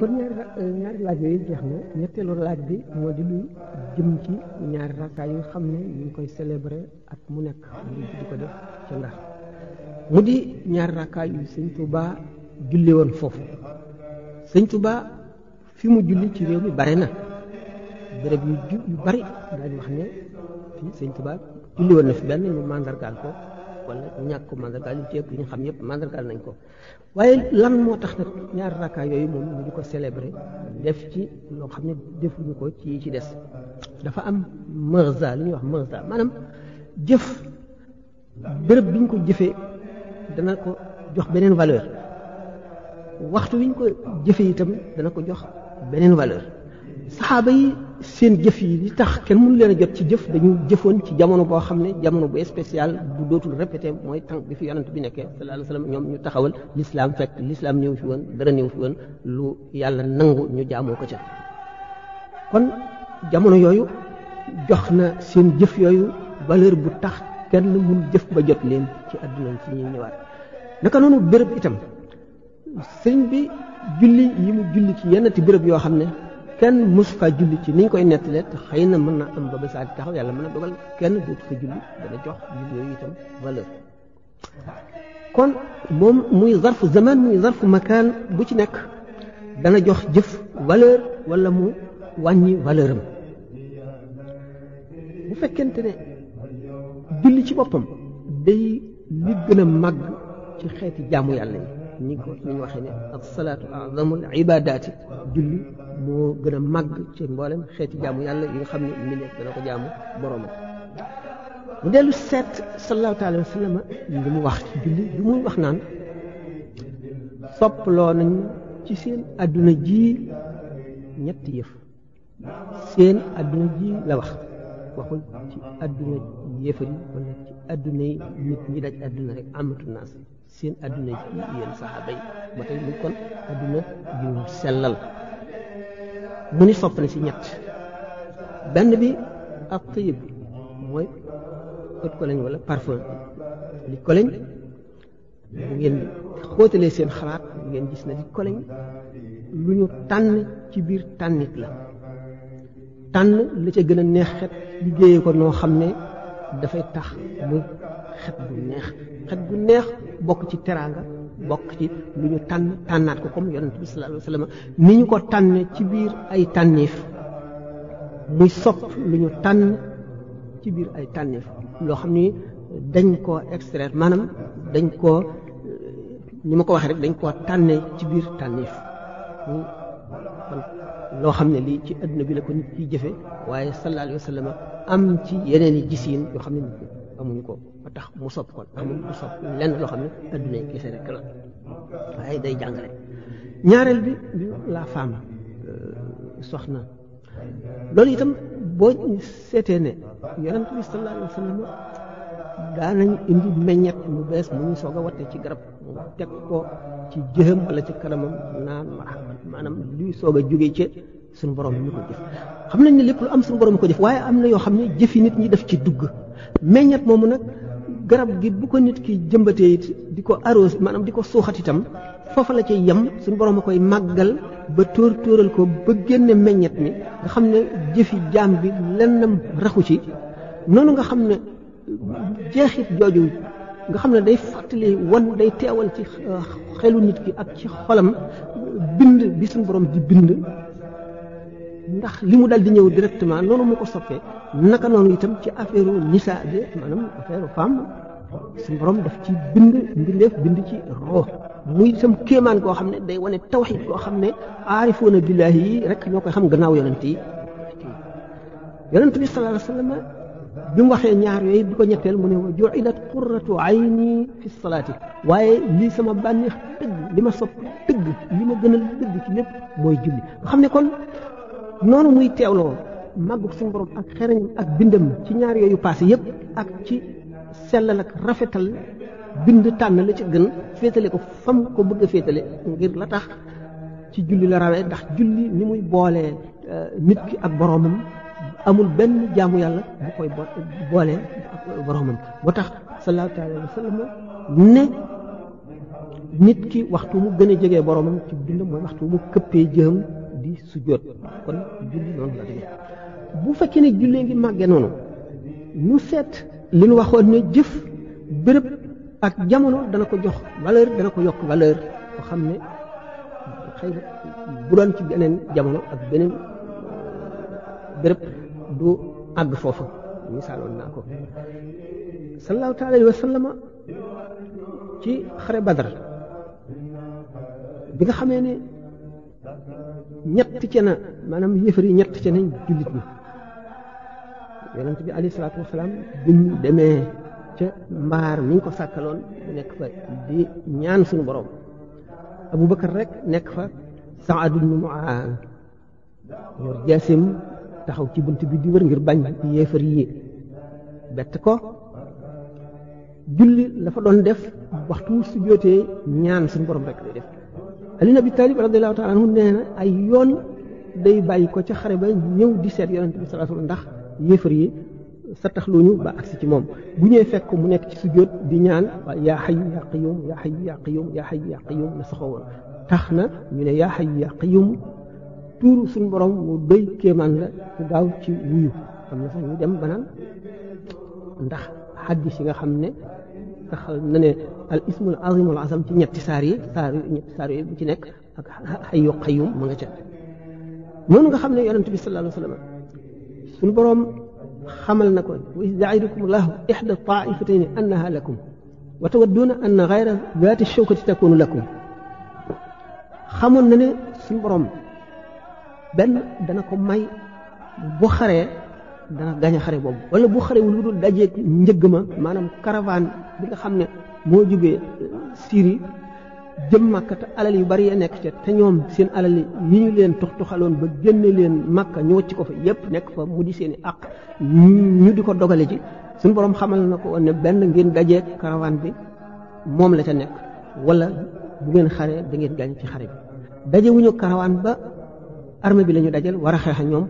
kon ñaari euh, ñaari laaj yooyu jeex na ñetteelu laaj bi moo di lu jëm ci ñaari rakka yu xam ne ñu ngi koy célébrer ak mu nekk ko def mu di ñaari rakka yu sëñ Touba julli woon foofu sëñ Touba fi mu julli ci réew mi bare na béréb yu ju yu bari daañu wax ne sëñ Touba julli woon na fi benn ñu mandargaal ko kon nag ñàkk ko mandargaal li ci li ñu xam yëpp mandargaal nañ ko waaye lan moo tax nag ñaar rakka yooyu moom ñu di ko célébrer def ci loo xam ne defuñu ko ci ci des dafa am mërza li ñuy wax mërza maanaam jëf béréb bi ñu ko jëfee dana ko jox beneen valeur waxtu wi ñu ko jëfee itam dana ko jox beneen valeur saxaaba yi seen jëf yi li tax kenn mun leen jot ci jëf dañu jëfoon ci jamono boo xam ne jamono bu especial bu dootul répété mooy tànk bi fi yonent bi nekkee sallallahu alayhi ñoom ñu taxawal l'islam fekk l'islam ñëw fi woon dara ñëw fi woon lu yàlla nangu ñu jaamoo ko ca kon jamono yooyu jox na seen jëf yooyu valeur bu tax kenn mënu jëf ba jot leen ci àdduna si ñuy ñëwaat naka noonu béréb itam sëñ bi julli yi mu julli ci yenn ti béréb yoo xam ne كان مصفى جولي تي نين كو نيتلت خاينا مانا ام بابا سعد تاخو يالا مانا دوغال كان بوت فا جولي دا لا جوخ جولي يتم فالور كون موم موي ظرف زمان موي ظرف مكان بوتي نيك دا لا جوخ جيف فالور ولا مو واني فالورم بو فكنت ني جولي تي بوبام داي لي گنا ماغ تي خيتي جامو يالا ني نيكو ني واخني الصلاه اعظم العبادات جولي moo gën a màgg ci mboolem xeeti jaamu yàlla yi nga xam ne mu nekk dana ko jaamu boroomam mu dellu seet sallallahu alayhi wa sallam mu wax ci julli muy wax naan sopploo nañu ci seen àdduna ji ñetti yëf seen àdduna ji la wax waxul ci àdduna yéefar yi wala ci àdduna yi nit ñi daj àdduna rek amatu naas seen àdduna ji yéen saxaaba yi ba tey kon àdduna ji sellal mu ni soppali si ñett benn bi ak tayib bi mooy ot koloñ wala parfum li koloñ bu ngeen xóotalee seen xalaat ngeen gis na li koloñ lu ñu tànn ci biir tànnit la tànn la ca gën a neex xet liggéeyee ko noo xam ne dafay tax muy xet bu neex xet bu neex bokk ci teraanga bokk ci lu ñu tànn tànnaat ko comme yonent bi sallallahu alayhi wa sallam ni ñu ko tànne ci biir ay tànniif muy sopp lu ñu tànn ci biir ay tànniif loo xam ni dañ koo extraire maanaam dañ koo ni ma ko waxee rek dañ koo tànne ci biir tànniif hmm. loo xam ne lii ci àdduna bi la ko nit ciy jëfe waaye sallallahu alayhi wa am ci yeneen i gisiin yoo xam ne nit amuñu ko ba tax mu sopp kon amul mu sopp lenn loo xam ne adduna yi kese rek la waaye day jàngale ñaareel bi laa la femme euh, soxna loolu itam boo seetee ne yonent bi sallallahu alayhi wa indi meññet mu bees mu ñu soog a watte ci garab mu teg ko ci jëxam wala ci kanamam naan maanaam luy soog a jóge ci suñu borom ñu ko jëf xam nañ ne lépp lu am suñu borom ko jëf waaye am na yoo xam ne jëfi nit ñi def ci dugg meññat moomu nag garab gi bu ko nit ki jëmbatee it di ko arrosé maanaam di ko suuxat itam foofa la cay yem suñu borom a koy màggal ba tóor tóoral ko ba génne meññet mi nga xam ne jëfi jaam bi lennam raxu ci noonu nga xam ne jeexit jooju nga xam ne day fàttali wan day teewal ci euh, xelu nit ki ak ci xolam bind bi suñ borom di bind ndax li mu dal di ñëw directement noonu mu ko soppee naka noonu itam ci affaire nisaa de maanaam affaire femme suñu borom daf ci bind mbindeef bind ci roo muy itam kéemaan koo xam ne day wane tawxiid koo xam ne aarifoona billaahi yi rek ñoo koy xam gannaaw yonent yi yonent bi sallallahu alayhi wa sallam bi mu waxee ñaar yooyu di ko ñetteel mu ne wa ju'ilat qurratu ayni fi salaati waaye lii sama bànneex dëgg li ma sopp dëgg li ma gënal dëgg ci lépp mooy julli nga xam ne kon noonu muy teewloo màggug suñu borom ak xereñam ak bindam ci ñaar yooyu passé yëpp ak ci sellal ak rafetal bind tànn la ci gën féetale ko fam ko bëgg a féetale ngir la tax ci julli la rawee ndax julli ni muy boolee euh, nit ki ak boroomam amul benn jaamu yàlla bu koy boolee boroomam boo tax sallallahu alayhi wa ne nit ki waxtu mu gën a jege boroomam ci bind mooy waxtu mu këppee jëm di sujjóot kon julli noonu la demee bu fekkee ne jullee ngi màggee noonu nu seet li nu waxoon ne jëf béréb ak jamono dana ko jox valeur dana ko yokk valeur ko xam ne bu doon ci beneen jamono ak beneen béréb du àgg foofu misaaloon naa ko sallallahu taala alayhi ci xare badar bi nga xamee ne ñett ci na maanaam yëfar yi ñett ci nañ jullit ñi yonent bi alayhi salaatu demee ca mbaar mi ko sàkkaloon nekk fa di ñaan suñu borom Abubakar rek nekk fa Saad ibn Muaaz yor jaasim taxaw ci bunt bi di wër ngir bañ yéefar yi bett ko julli la fa doon def waxtu su jootee ñaan suñu borom rek lay def alina bi Abi Talib radiyallahu taala nee na ay yoon day bàyyi ko ca xare ba ñëw di seet yonent bi sallallahu ndax yéefar yi sa tax luñu ba agsi ci moom bu ñëwee fekk mu nekk ci sujjóot di ñaan waaye yaa yàq yaa qayum yaa xayu yaa qayum yaa tax na ñu ne yaa xayu yaa qayum tuuru suñu borom mu doy kéemaan la mu gaaw ci wuyu am na sax ñu dem banaan ndax xaddis yi nga xam ne ndax na ne al ismul azim al azam ci ñetti saar yi saar ñetti saar yi bu ci nekk ak xayyu xayyum ma nga ca noonu nga xam ne yonente bi sallallahu alayhi wa sallam suñu borom xamal na ko wa izda'idukum allahu ihda ta'ifatayn annaha lakum wa tawadduna anna ghayra dhati shawkati takunu lakum xamoon na ne suñu borom benn dana ko may bu xaree dana gañ a xare boobu wala bu xarewul lu dul dajeeg njëgg ma maanaam caravane bi nga xam ne moo jógee euh, Syrie jëm Makka te alal yu bari ya nekk ca te ñoom seen alal yi ñu leen tox toxaloon ba génne leen Makka ñu wacc ko fa yépp nekk fa mu di seen i àq ñu di ko dogale ci suñu borom xamal na ko woon ne benn ngeen dajeeg caravane bi moom la ca nekk wala bu ngeen xare da ngeen gañ ci xare bi daje wuñu caravane ba armée bi la ñu war a xeex ñoom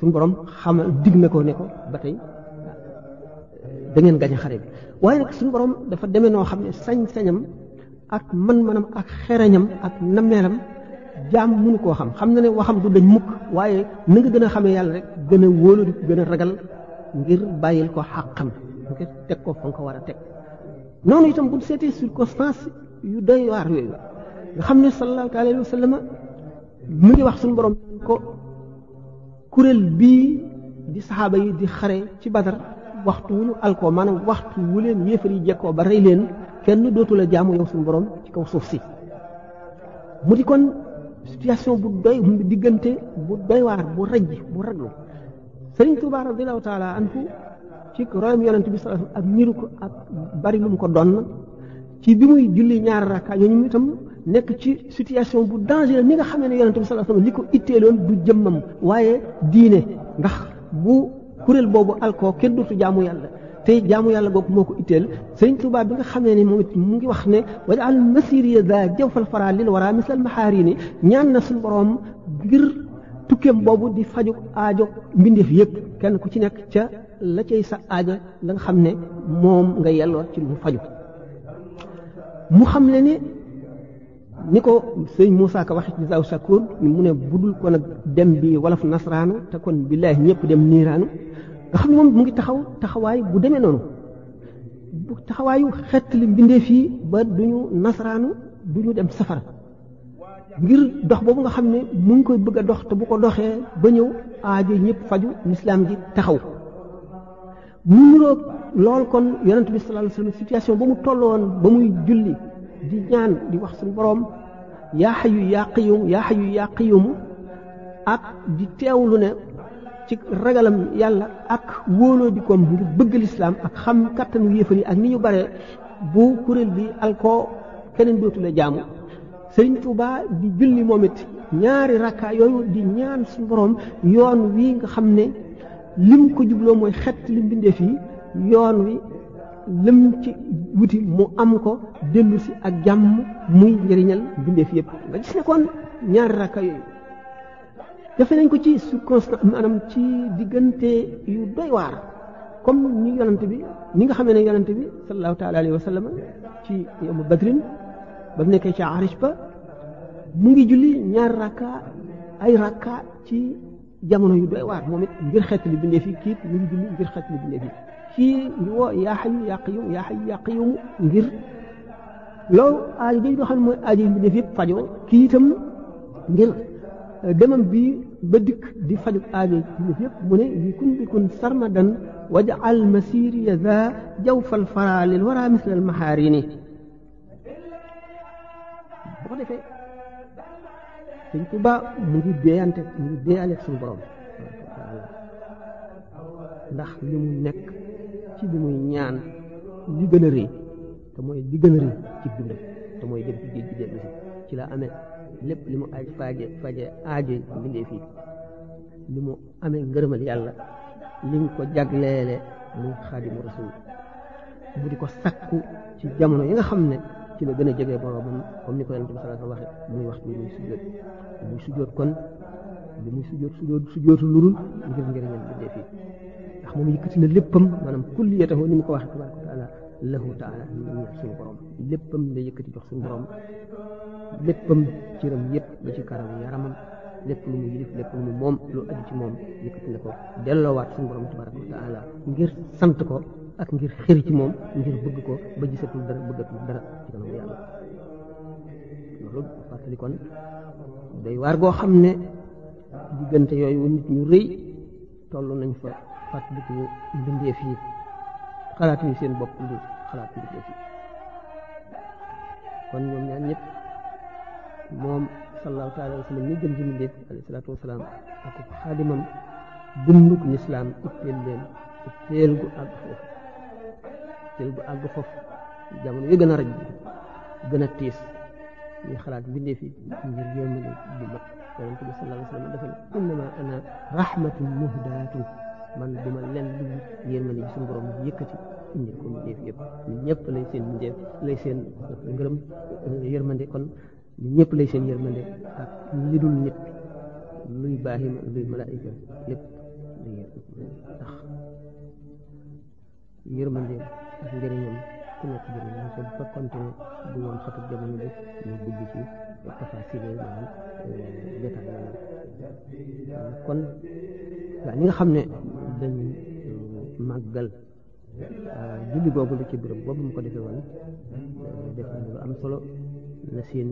suñ borom xamal digg na ko ne ko ba tey euh, dangeen gañ xare bi waaye nag suñu borom dafa demee noo xam ne sañ-sañam ak man-manam ak xereñam ak nameelam jaam mënu koo xam xam na ne waxam du dañ mukk waaye na gën a xamee yàlla rek gën a wóolu gën a ragal ngir bàyyil ko xàqam ngir teg ko fa nga ko war a teg noonu itam bu seetee circonstance yu doy waar yooyu nga xam ne sallallahu alayhi wa sallam mu ngi wax suñ borom ko kuréel bii di saxaaba yi di xare ci badar waxtu wu ñu alkoo maanaam waxtu wu leen yéefar yi jekkoo ba rey leen kenn dootu la jaamu yow suñu borom ci kaw suuf si mu di kon situation bu doy diggante bu doy waar bu rëj bu raglu Sëriñ Tuubaa radiyallaahu taala anhu ci royam yonent bi ak niru ko ak bari lu mu ko doon ci bi muy julli ñaari rakka ñooñu itam nekk ci situation bu dangereux ni nga xamee ne yonente bi sallallahu alayhi wasallam li ko itteeloon du jëmmam waaye diine ndax bu kuréel boobu alkoo kenn dootu jaamu yàlla te jaamu yàlla googu moo ko itteel Sëriñ Tuubaa bi nga xamee ne moom it mu ngi wax ne wajaal masiriya da jawfal fara lil wara misal maxaarini ñaan na suñu boroom ngir tukkeem boobu di faju aajo mbindeef yëpp kenn ku ci nekk ca la cay sa aajo la xam ne moom nga yelloo ci lu mu faju mu xam ne ne ni ko sëñ Moussa Ka waxe ci sa Sakur mu ne budul ko nag dem bi wolof nasraanu te kon billaahi ñëpp dem niiraanu nga xam ne moom mu ngi taxaw taxawaay bu demee noonu taxawaayu xett li mbindee fii ba duñu nasraanu duñu dem safara ngir dox boobu nga xam ne mu ngi koy bëgg a dox te bu ko doxee ba ñëw aajo ñëpp faju lislaam ji taxaw mu niroog lool kon yonent bi sallallahu alayhi wasallam situation ba mu tolloon ba muy julli di ñaan di wax suñu boroom yaa xayu yaa qiyum yaa xayu yaa qiyum ak di teewlu ne ci ragalam yàlla ak wóoloo di koom ngir bëgg lislaam ak xam kattanu yéefar yi ak ni ñu bare bu kuréel bi alkoo keneen dootu la jaamu sëriñ Tuuba di julli moom it ñaari rakka yooyu di ñaan suñu boroom yoon wi nga xam ne lim ko jubloo mooy xet li mbindeef fii yoon wi lëm ci wuti mu am ko dellu si ak jàmm muy njëriñal bindeef yëpp nga gis ne kon ñaari rakka yooyu defe nañ ko ci circonstance maanaam ci diggante yu doy waar comme ni yonante bi ni nga xamee ne yonante bi sallallahu taala alayhi wa sallam ci yawmu badrin ba mu nekkee ca arish ba mu ngi julli ñaari rakka ay rakka ci jamono yu doy waar moom it ngir xeetali bindeef yi kiit mu ngi julli ngir xeetali bindeef yi كي هو يا حي يا قيوم يا حي يا قيوم غير لو اج بي خن مو اج بي دي فيب فاجو كي تام غير دمم بي بدك دي فاجو اج بي فيب مون يكون بكون سرمدا وجعل مسير ذا جوف الفرا للورى مثل المحارين بودي في سنتوبا مو دي بيانت مو دي عليك سن بروم ndax li mu nekk ci li muy ñaan li gën a rëy mooy li gën ci dundam te mooy dem ci géej gi dellu la amee lépp li mu aaj faje faje aajo mbindee fii mu amee ngërëmal yàlla li ko jagleele muy xaadimu rasul mu di ko sakku ci jamono yi nga xam ne ci la gën a jege boroomam comme ni ko yonent bi sallallahu alayhi wasallam waxe muy waxtu muy sujjoot muy sujjoot kon li muy sujjoot sujjoot sujjootu lurul ngir ngir ngeen moom yëkkati na léppam maanaam kulliyatahu ni mu ko waxee tabaraka wa taala lahu taala ñeex suñu jox suñu borom léppam yëpp ci karaw yaramam lépp lu mu yilif lépp lu mu ko delloowaat suñu borom wa taala ngir sant ko ak ngir xër ci moom ngir bëgg ko ba gisatul dara bëggatul dara ci kanam yàlla loolu fàttali kon day waar goo xam ne diggante yooyu nit ñu rëy toll nañ fa fàttaliku mbindeef yi xalaat yi seen bopp lu xalaat mbindeef yi kon ñoom ñaan ñëpp moom sallallahu taala wa sallam ñi gën ci mbindeef alayhi salaatu wasalaam ak xaadimam dunduk lislaam itteel leen itteel gu àgg foofu itteel gu àgg foofu jamono yu gën a raj gën a tiis ñuy xalaat mbindeef yi ngir yéemale bu mat yonent bi sallallahu alayhi wa sallam dafa ne innama ana rahmatun muhdaatun man duma len lu yërmande ji suñu borom yëkkati indi ko mu def yëpp ñun ñëpp lay seen mu def lay seen ngërëm euh, yërmande kon ñun ñëpp lay seen yërmande ak li dul nit luy baaxi luy malaayika lépp ndax yërmande ak njëriñam ku nekk jëriñam te bu fekkonte ne bu woon xatu jamono bi ñu euh, kon waaw ñi nga xam ne màggal euh, julli googu ci bërëb boobu ko defee woon euh, def lu am solo na seen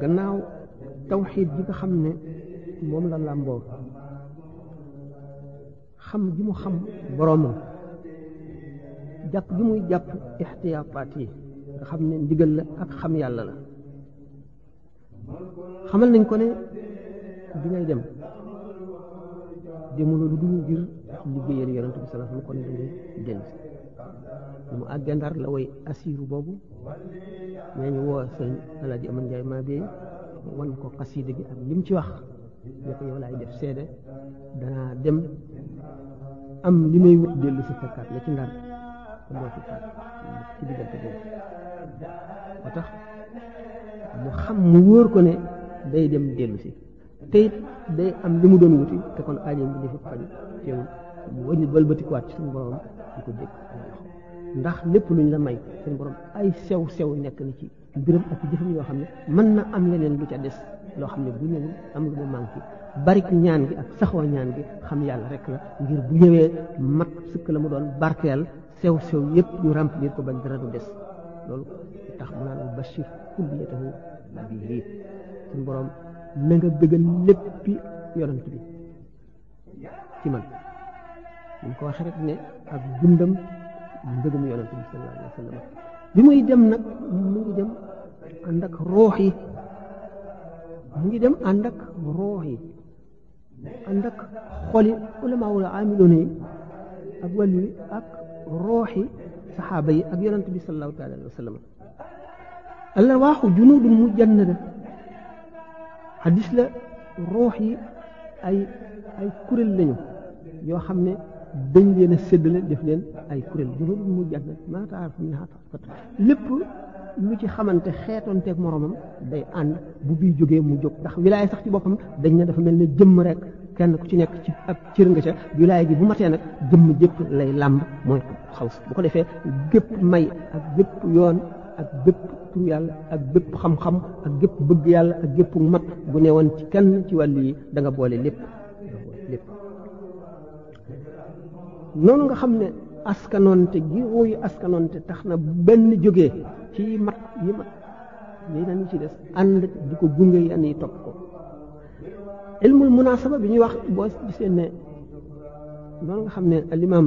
gannaaw tawxiid bi nga xam ne moom la làmboo xam ji mu xam boroomam jàpp ji muy jàpp ixtiyaapaat yi xam ne ndigal la ak xam yàlla la xamal nañ ko ne bi ngay dem demuloo lu dul ngir liggéeyal yonent bi salaam kon da génn si mu àggee ndar la way asiiru boobu nee ñu woo sëñ Alaaji Aman Njaay maa bee wan ko xasiida gi ak lim ci wax ne ko yow laay def seede danaa dem am li may wut dellu si fekkaat la ci ndar moo ci tax mu xam mu wóor ko ne day dem dellu si day am li mu doon wuti te kon aajo bi dafa faj ci suñu borom di ko dégg ndax lépp luñ la may suñu borom ay sew sew nekk na ci mbiram ak jëfam yoo xam ne mën na am leneen lu ca des loo xam ne bu ñëwul am lu mu manqué barik ñaan gi ak saxoo ñaan gi xam yàlla rek la ngir bu ñëwee mat sëkk la mu doon barkeel sew sew yëpp ñu remplir ko ba dara du des loolu tax mu naan bu bashir kulliyatahu nabihi suñu borom na nga bëggal léppi yonent bi ci man ñu ko waxee rek ne ak dundam mbëggum yonent bi sallallahu alayhi wa sallam bi muy dem nag mu ngi dem ànd ak roox yi mu ngi dem ànd ak roox yi ànd ak xoli ulama wala amiloon yi ak wàllu yi ak ruuxi saxaaba yi ak yonent bi sallallahu taala alayhi wa sallam allarwaaxu junudun mujannada xadis la ruux yi ay ay kuréel lañu yoo xam ne dañ leen a séddale def leen ay kuréel junudun mujannada maa taarif minhaa lépp mu ci xamante xeetoon xeetonteeg moroomam day ànd bu bii jógee mu jóg ndax wilaaya sax ci boppam dañ ne dafa mel ne jëmm rek kenn ku ci nekk ci ak cër nga ca wilaaya gi bu matee nag jëmm jëpp lay làmb mooy xaw bu ko defee gépp may ak gépp yoon ak bépp tur yàlla ak bépp xam-xam ak gépp bëgg yàlla ak gépp mat bu ne ci kenn ci wàll yi danga boole lépp noonu nga xam ne askanoonte gi wuyu askanoonte tax na benn jóge ci mat yi mat yeneen yi ci des ànd di ko gunge yenn yi topp ko علم المناسبه بني واخ بسين نون خامن الامام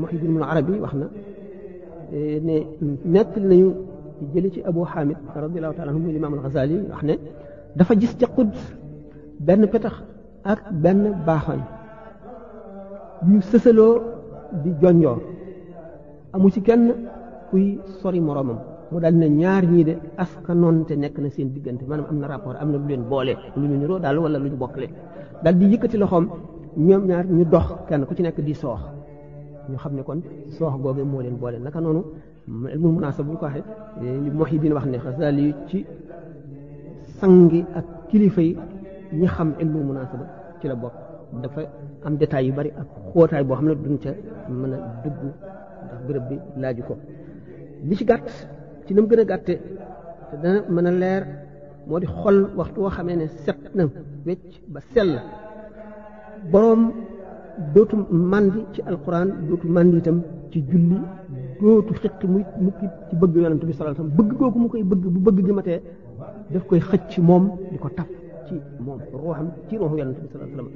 محي الدين العربي واخنا إيه، ني نتل نيو جيلي سي ابو حامد رضي الله تعالى عنه الامام الغزالي واخنا دا فا جيس بن فتح اك بن باخاي ني دي جونجو امو سي كوي سوري مرامم mu daal ne ñaar ñii de askanoon te nekk na seen diggante maanaam am na rapport am na lu leen boole lu ñu niroo daal wala lu ñu bokkale daal di yëkkati loxoom ñoom ñaar ñu dox kenn ku ci nekk di soox ñu xam ne kon soox googe moo leen boole naka noonu mu munaasab bu ñu ko waxee li Muhyiddin wax ne Xasaali ci sangi ak kilifa yi ñu xam ilmu munaasaba ci la bokk dafa am détails yu bari ak xóotaay boo xam ne duñ ca mën a dugg ndax béréb bi laaju ko ci nam gën a gàtte te dana mën a leer moo di xol waxtu woo xamee ne set na wecc ba sell boroom dootu màndi ci alquran dootu màndi itam ci julli dootu xëq mu mukk ci bëgg yonent bi sallallahu alayhi wasallam bëgg googu mu koy bëgg bu bëgg gi te daf koy xëcc moom di ko taf ci moom ruuxam ci ruuxu yonent bi sallallahu alayhi wasallam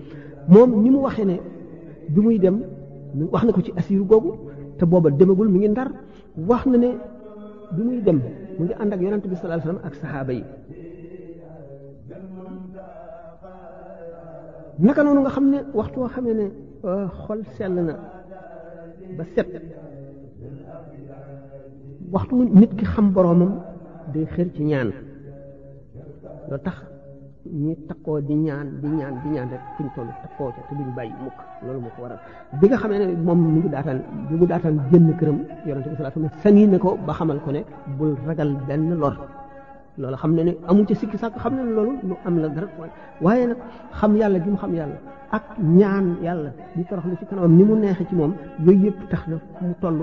moom ni mu waxee ne bi muy dem wax na ko ci asiru googu te booba demagul mi ngi ndar wax na ne bi muy dem mu ngi ànd ak yonent bi sallallahu alayhi ak saxaaba yi naka noonu nga xam ne waxtu woo xamee ne euh, xol sell na ba set waxtu nit ki xam boroomam day xër ci ñaan loo tax ñi takkoo di ñaan di ñaan di ñaan rek fuñ toll takkoo ca te duñ bàyyi mukk loolu moo ko waral bi nga xamee ne moom mi ngi daataan bi mu daataan génn këram yonente bi salaatu ne ko ba xamal ko ne bul ragal benn lor loolu xam ne ne amu ci sikki sàkk xam ne ne loolu am la dara waaye nag xam yàlla gi mu xam yàlla ak ñaan yàlla di toroxlu ci kanamam ni mu neexee ci moom yooyu yëpp tax na mu toll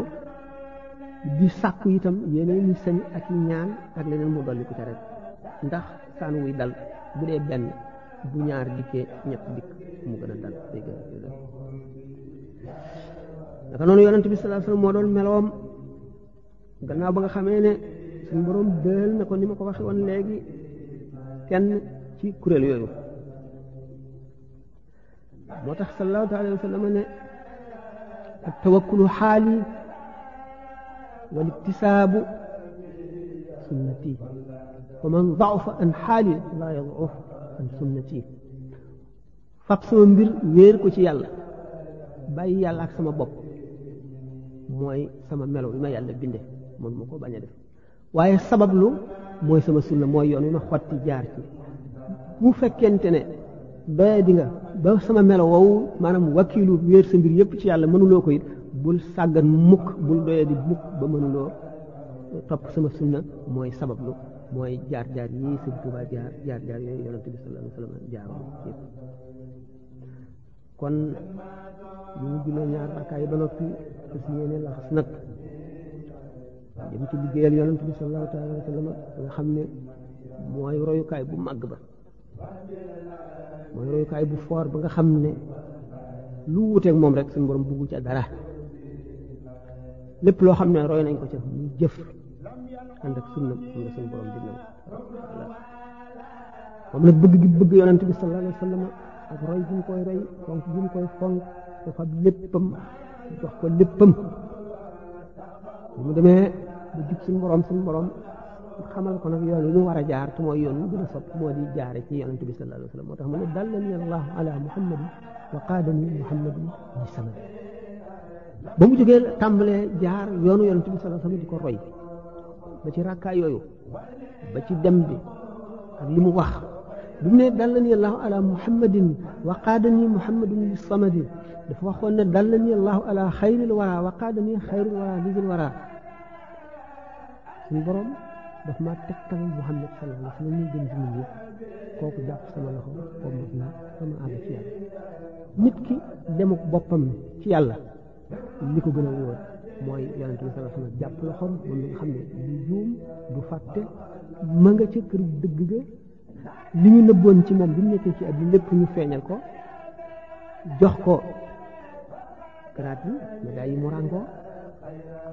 di sàkku itam yeneen ni ak ñaan ak leneen mu dolli ko ca rek ndax saan wuy dal bu dee benn bu ñaar dikkee ñett dikk mu gën a dal day gën a dal naka noonu yonent bi sallallahu alayhi wasallam moo doon meloom gannaaw ba nga xamee ne suñu borom dël na ko ni ma ko waxe woon léegi kenn ci kuréel yooyu moo tax sallallahu alayhi wasallam ne ak tawakkulu xaali wal iktisaabu sunnati ومن ضعف عن حالي لا يضعف عن سنتي فابسو مبير وير كو يالا باي يالا سما بوب موي سما ملو بما يالا بنده مون مكو باني ديف واي سبب لو موي سما سنة موي يوني ما خوتي جار سي بو فكنتني با ديغا با سما ملو وو مانام وكيلو وير سمبير ييب سي يالا منو لوكو يت بول ساغان موك بول دويا موك با منو لو top sama sunna moy sabab lu moy jaar jaar yi sëñ tuba jaar jaar jaar yi yaron bi sallallahu alaihi wasallam jaar yépp kon ñu julee ñaar rakka yi ba noppi fas la laxas nak dem ci liggéeyal yaron bi sallallahu alaihi wasallam nga xamne moy royu kay bu mag ba royu kay bu for ba nga xamne lu wuté ak mom rek suñ borom bugu ci dara lepp lo xamne roy nañ ko ci jëf ànd ak sunnam xam ne suñu borom dina moom la bëgg gi bëgg yonent bi sallallahu alayhi wa sallam ak roy gi mu koy roy fonk gi mu koy fonk ko fab léppam jox ko léppam bu mu demee ba jub suñu borom suñu borom xamal ko nag yoon yi mu war a jaar te mooy yoon gën a sopp moo di jaare ci yonent bi sallallahu alayhi wa sallam moo tax mu ne dallani allahu ala muhammadin wa qaadani muhammadin bi samad ba mu jógee tàmbalee jaar yoonu yonent bi sallallahu alayhi wa sallam di ko roy ba ci rakka yooyu ba ci dem bi ak li mu wax bi mu ne dallani allahu ala muhammadin wa qaadani muhammadun bi samadi dafa waxoon ne dallani allahu ala xayril wara wa qaadani xayril wara ligil wara suñ borom daf ma tegtal muhammad sallallahu alayhi wa sallam ñu gën ci nit ñëpp kooku jàpp sama loxo ko mat naa sama ànd ci yàlla nit ki demuk boppam ci yàlla li ko gën a wóor mooy yonent bi sallallahu alayhi jàpp loxoom moom mi nga xam ne du juum du fàtte ma nga ci kër dëgg ga li ñu nëbboon ci moom bi nekkee ci àdduna lépp ñu feeñal ko jox ko garaat yi mu ràngoo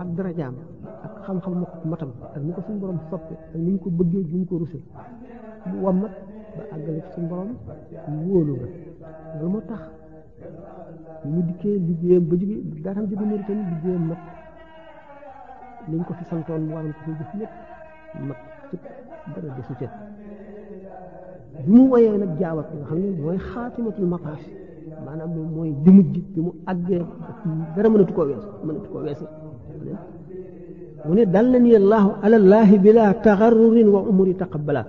ak darajaam ak xam-xam ma matam ak ni ko suñu borom soppe ak ni ñu ko bëggee ni ñu ko rusee mu wàmmat ba àggale ci borom wóolu nga loolu moo tax mu dikkee liggéeyam ba jóge daaram jóge Mauritanie liggéeyam mat liñ ko fi santoon mu waroon ko fi jëf lépp mat sëpp dara desu ca bi mu woyee jaawat nga xam ne mooy xaatimatul maqaas maanaam moom mooy bi mujj bi mu mënatu koo weesu mënatu koo weesu mu ne dal na ni allahu alallaahi bila taxarrurin wa umuri taqabbala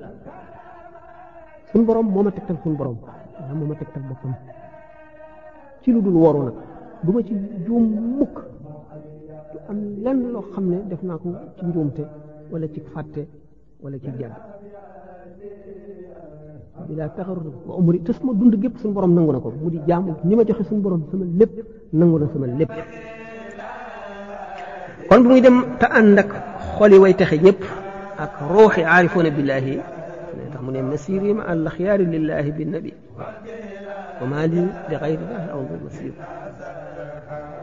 suñ borom moo ma tegtal suñ borom moo ma tegtal boppam ci lu dul waru nag du ma ci juum am lenn loo xam ne def naa ko ci njuumte wala ci fàtte wala ci jàgg bilaa taxarut wa umri te suma dund gépp suñu borom nangu na ko mu di jaamu ni ma joxe suñu borom sama lépp nangu na sama lépp kon bu muy dem te ànd ak xoli way texe ñëpp ak ruuxi aarifoona billaahi mu ne masiri ma al axyaari lillahi bi nabi wa maa lii li xayri laahi aw masir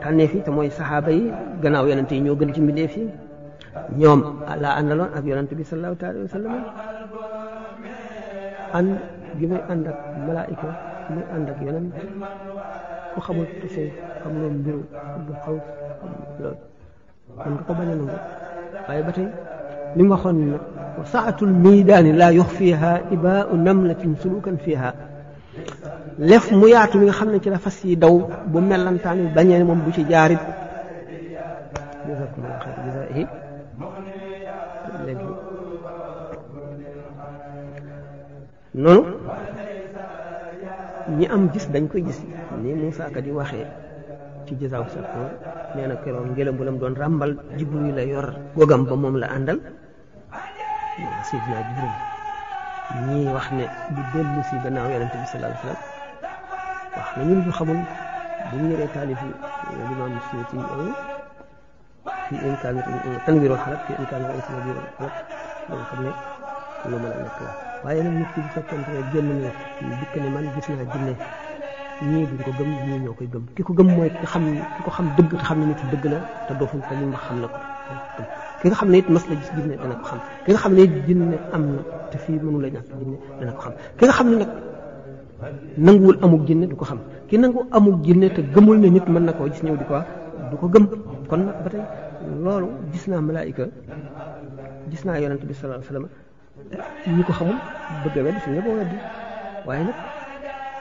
tànnee fi te mooy saxaaba yi gannaaw yonent yi ñoo gën ci mbindeef yi ñoom laa àndaloon ak yonent bi sallallahu taala wa sallam ànd gi muy ànd ak malaayika muy ànd ak yonent ku xamul tuuti xamuloo mbiru bu xaw loolu mën nga ko bañ a nangu waaye ba tey لمخن وسعة الميدان لا يخفيها إباء نملة سلوكا فيها لف ميات من خمنا كلا فسي دو بمن لم تعني بنيان من بشي جارب جزاكم الله خير جزائه نونو ni am gis dañ koy gis ni Moussa ka di waxee ci jasaaw sako nee na keroog ngelaw bu lam doon ràmbal jibril la yor gogam ba moom la àndal sidna jibril ñii wax ne du dellu si gannaaw yonente bi sallallahu alayhi wasallam wax na ñun ñu xamul bu ñu yoree taalif yi limaam nga xam ne lu mën waaye bu na dikk ne man gis naa jinne ñii duñ ko koy gëm ki ko gëm mooy xam ki ko xam dëgg te xam ne ni ci dëgg la te doofuñ ko mun wax xam na ko ki nga xam ne it mas la gis jinne dana ko xam ki nga xam ne it jinne am na fii mënu la ñàkk jinne xam ki xam ne nag nanguwul amul jinne du ko xam ki nangu amul jinne te gëmul ne nit mën na koo gis ñëw di ko du ko gëm kon nag ba tey loolu gis naa malaayika gis naa yonent bi sallallahu alayhi wasallam ñu ko xamul bëgg a wedd suñu ñëpp a waaye nag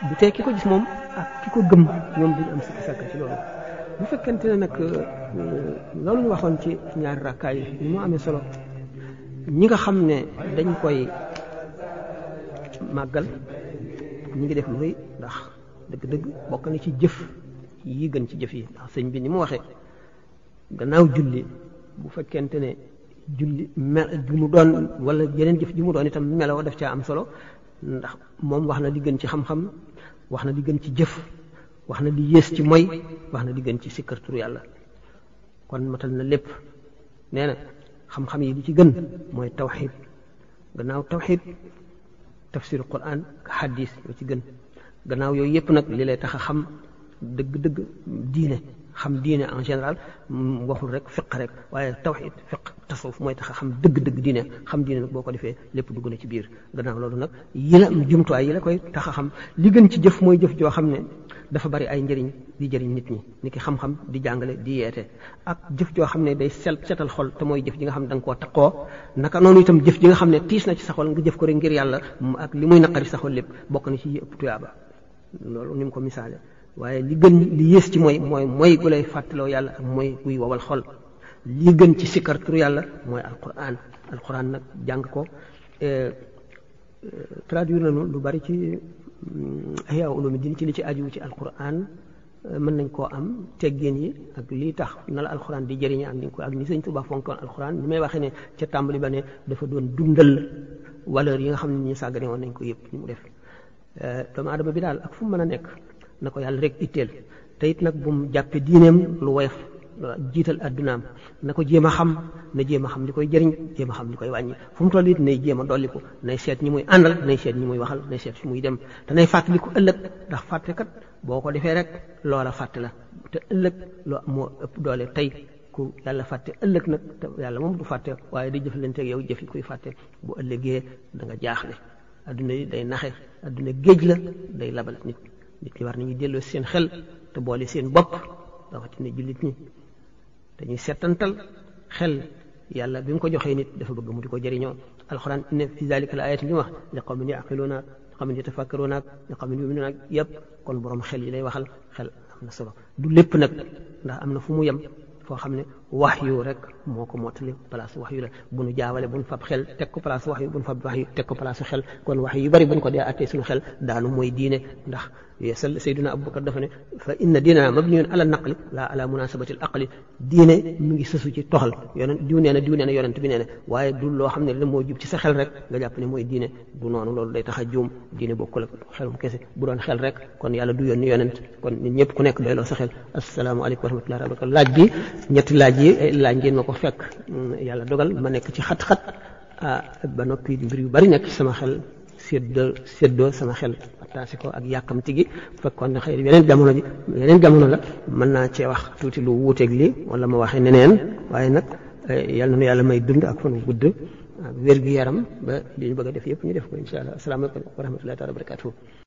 bu tey ki ko gis moom ak ko gëm ñoom duñ am sikki ci loolu bu fekkente ne nag euh, loolu waxoon ci ñaari rakkaay yi mu amee solo ñi nga xam ne dañ koy màggal ñi ngi def lu rëy ndax dëgg-dëgg bokk ci jëf yi gën ci jëf yi ndax sëñ bi ni mu waxee gannaaw julli bu fekkente ne julli mel bi mu doon wala yeneen jëf ji mu doon itam meloo daf caa am solo ndax moom wax na li gën ci xam-xam wax na li gën ci jëf wax na li yées ci moy wax na li gën ci sikkar tur yàlla kon matal na lépp nee na xam-xam yi li ci gën mooy tawxid gannaaw tawxid tafsiru quran ka xadis yoo ci gën gannaaw yooyu yëpp nag li lay tax a xam dëgg-dëgg diine xam diine en général mm, waxul rek fiq rek waaye tawxid fiq tasawuf mooy tax xam dëgg-dëgg diine xam diine nag boo ko defee lépp dugg na ci biir gannaaw loolu nag yi la jumtuwaay yi la koy tax a xam li gën ci jëf mooy jëf joo xam ne dafa bari ay njëriñ di jëriñ nit ñi ni ki xam-xam di jàngale di yeete ak jëf joo xam ne day sel setal xol te mooy jëf ji nga xam ne da nga koo taqoo naka noonu itam jëf ji nga xam ne tiis na ci sa xol nga jëf ko rek ngir yàlla ak li muy naqari sa xol lépp bokk na ci ëpp tuyaaba loolu ni mu ko misaale waaye li gën li yées ci mooy mooy mooy gu lay fàttaloo yàlla ak mooy guy wowal xol li gën ci sikkar tur yàlla mooy alquran alquran nag jàng ko eh, eh, traduire nañu lu bari ci mm, Ihya Ulumuddin ci li ci aju ci alquran eh, mën nañ koo am teggin yi ak lii tax na la alxuraan di jëriñe am ni ko ak ni sëñ Tuubaa fonkoon alxuraan ni may waxee ne ca tàmbali ba ne dafa doon dundal valeur yi nga xam ne ñu sàggane woon nañ ko yëpp ñu mu def doomu aadama bi daal ak mën a nekk na ko yàlla rek itteel te it nag bu mu jàppee diineem lu woyof jiital addunaam na ko jéem a xam na jéem a xam li koy jëriñ jéem a xam li koy wàññi fu mu toll it nay jéem a dolliku nay seet ñi muy àndal nay seet ñi muy waxal nay seet fi muy dem te nay ku ëllëg ndax fàtte kat boo ko defee rek loola fàtte la te ëllëg loo moo ëpp doole tey ku yàlla fàtte ëllëg nag te yàlla moom du fàtte waaye di jëflanteeg yow jëf yi kuy fàtte bu ëllëgee da nga jaaxle adduna yi day naxe adduna géej la day labal nit ñi war nañu delloo seen xel te boole seen bopp ne jullit ñi dañuy settantal xel yàlla bi mu ko joxee nit dafa bëgg mu di ko jëriñoo alxuraan inna fi zalika la ayat li wax li qawmin yaqiluuna li qawmin yatafakkaruuna li qawmin yuminuuna ak kon borom xel yi lay waxal xel am na solo du lépp nag ndax am na fu mu yem foo xam ne wax yu rek moo ko mottali place wax yu la bu nu jaawale bu nu fab xel teg ko place wax yu bu nu fab wax yu teg ko place xel kon wax yu bari bu nu ko dee attee suñu xel daanu mooy diine ndax yeesal sayduna abubakar dafa ne fa inna diinana mabniyun ala naqli la ala munasabati al aqli diine mu ngi sësu ci toxal yonent diw nee na diw nee na yonent bi nee na waaye du loo xam ne la moo jub ci sa xel rek nga jàpp ne mooy diine du noonu loolu day tax a juum diine bokkul ak xelum kese bu doon xel rek kon yàlla du yónni yonent kon ñun ñëpp ku nekk doyloo sa xel asalaamaaleykum wa rahmatullahi wa barakatu laaj bi ñetti laaj ji eh, laa ngeen ma ko fekk mm, yàlla dogal ma nekk ci xat-xat ah ba noppi mbir yu bari nekk ci sama xel séddoo séddoo sama xel taasi ko ak yàkkamti gi bu fekkoon ne xëy yeneen jamono ji yeneen jamono la mën naa cee wax tuuti lu wuuteeg lii wala ma waxee neneen waaye nag eh, yàlla na yàlla may dund ak fan wu gudd ak wér-gu-yaram ba li bëgg a def yëpp ñu def ko incha allah asalaamaaleykum wa rahmatullahi taala wa barakatuhu